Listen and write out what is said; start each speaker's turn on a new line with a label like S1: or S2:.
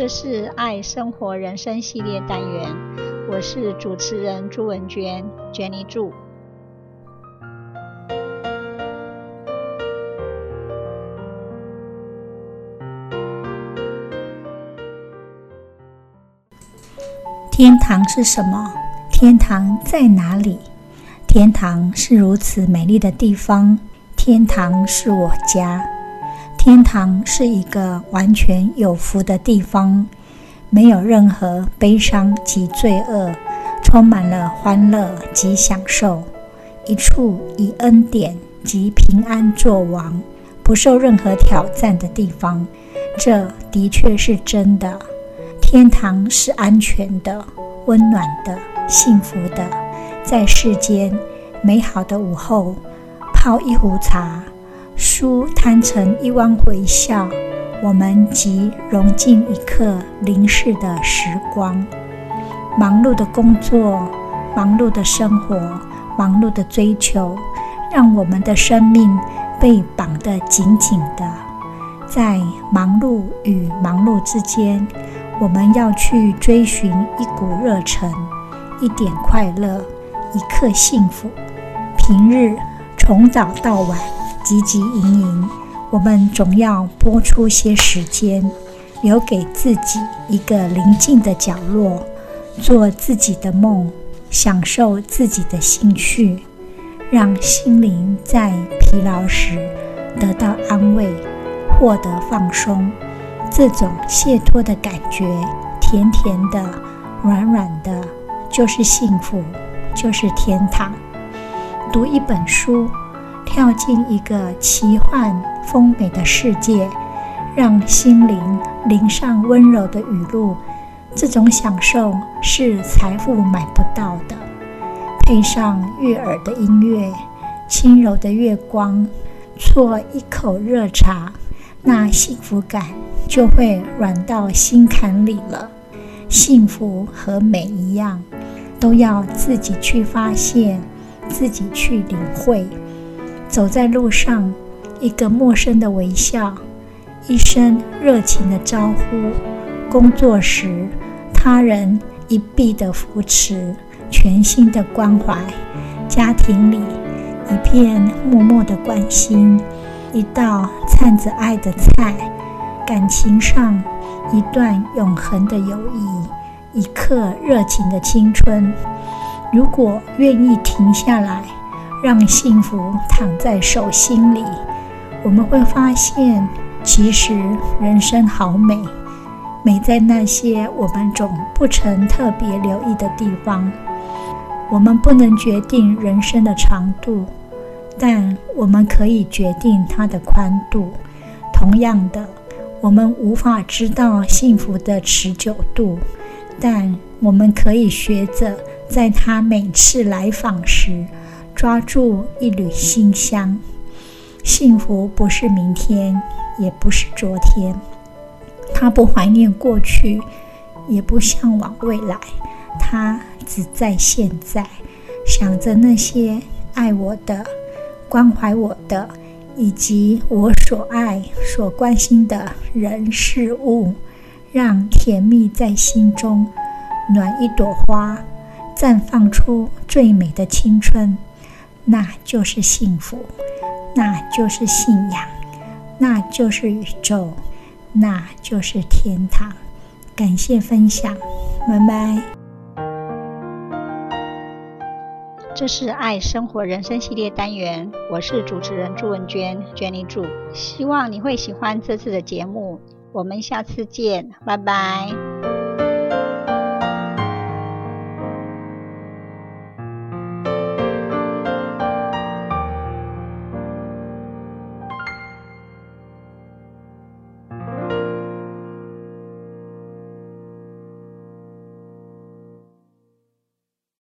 S1: 這是愛生活人生系列單元，我是主持人朱文娟，Jenny Zhu。天堂是什麼？天堂在哪裡？天堂是如此美麗的地方，天堂是我家。天堂是一個完全有福的地方，沒有任何悲傷及罪惡，充滿了歡樂及享受，一處以恩典及平安作王，不受任何挑戰的地方。這的確是真的。天堂是安全的、溫暖的、幸福的。在世間美好的午後，泡一壺茶。書攤成一彎微笑，我們即溶進一刻寧適的時光。忙碌的工作，忙碌的生活，忙碌的追求，讓我們的生命被綁得緊緊的。在忙碌與忙碌之間，我們要去追尋一股熱忱，一點快樂，一刻幸福。平日從早到晚。汲汲營營，我們總要撥出些時間，留給自己一個寧靜的角落，做自己的夢，享受自己的興趣，讓心靈在疲勞時得到安慰，獲得放鬆。這種解脫的感覺，甜甜的，暖暖的，就是幸福，就是天堂。讀一本書。跳進一個奇幻豐美的世界，讓心靈淋上溫柔的雨露，這種享受是財富買不到的。配上悅耳的音樂，輕柔的月光，啜一口熱茶，那幸福感就會暖到心坎裡了。幸福和美一樣，都要自己去發現，自己去領會。走在路上，一個陌生的微笑，一聲熱情的招呼；工作時，他人一臂的扶持，全心的關懷；家庭裡，一片默默的關心，一道摻着愛的菜；感情上，一段永恆的友誼，一刻熱情的青春。如果願意停下來。讓幸福躺在手心裡，我們會發現，其實人生好美，美在那些我們總不曾特別留意的地方。我們不能決定人生的長度，但我們可以決定它的寬度。同樣的，我們無法知道幸福的持久度，但我們可以學着在它每次來訪時。抓住一縷馨香，幸福不是明天，也不是昨天，他不懷念過去，也不嚮往未來，他只在現在，想着那些愛我的、關懷我的，以及我所愛、所關心的人事物，讓甜蜜在心中暖一朵花，綻放出最美的青春。那就是幸福，那就是信仰，那就是宇宙，那就是天堂。感謝分享，拜拜。這是愛生活人生系列單元，我是主持人朱文娟，Jenny 朱。希望你會喜歡這次的節目，我們下次見，拜拜。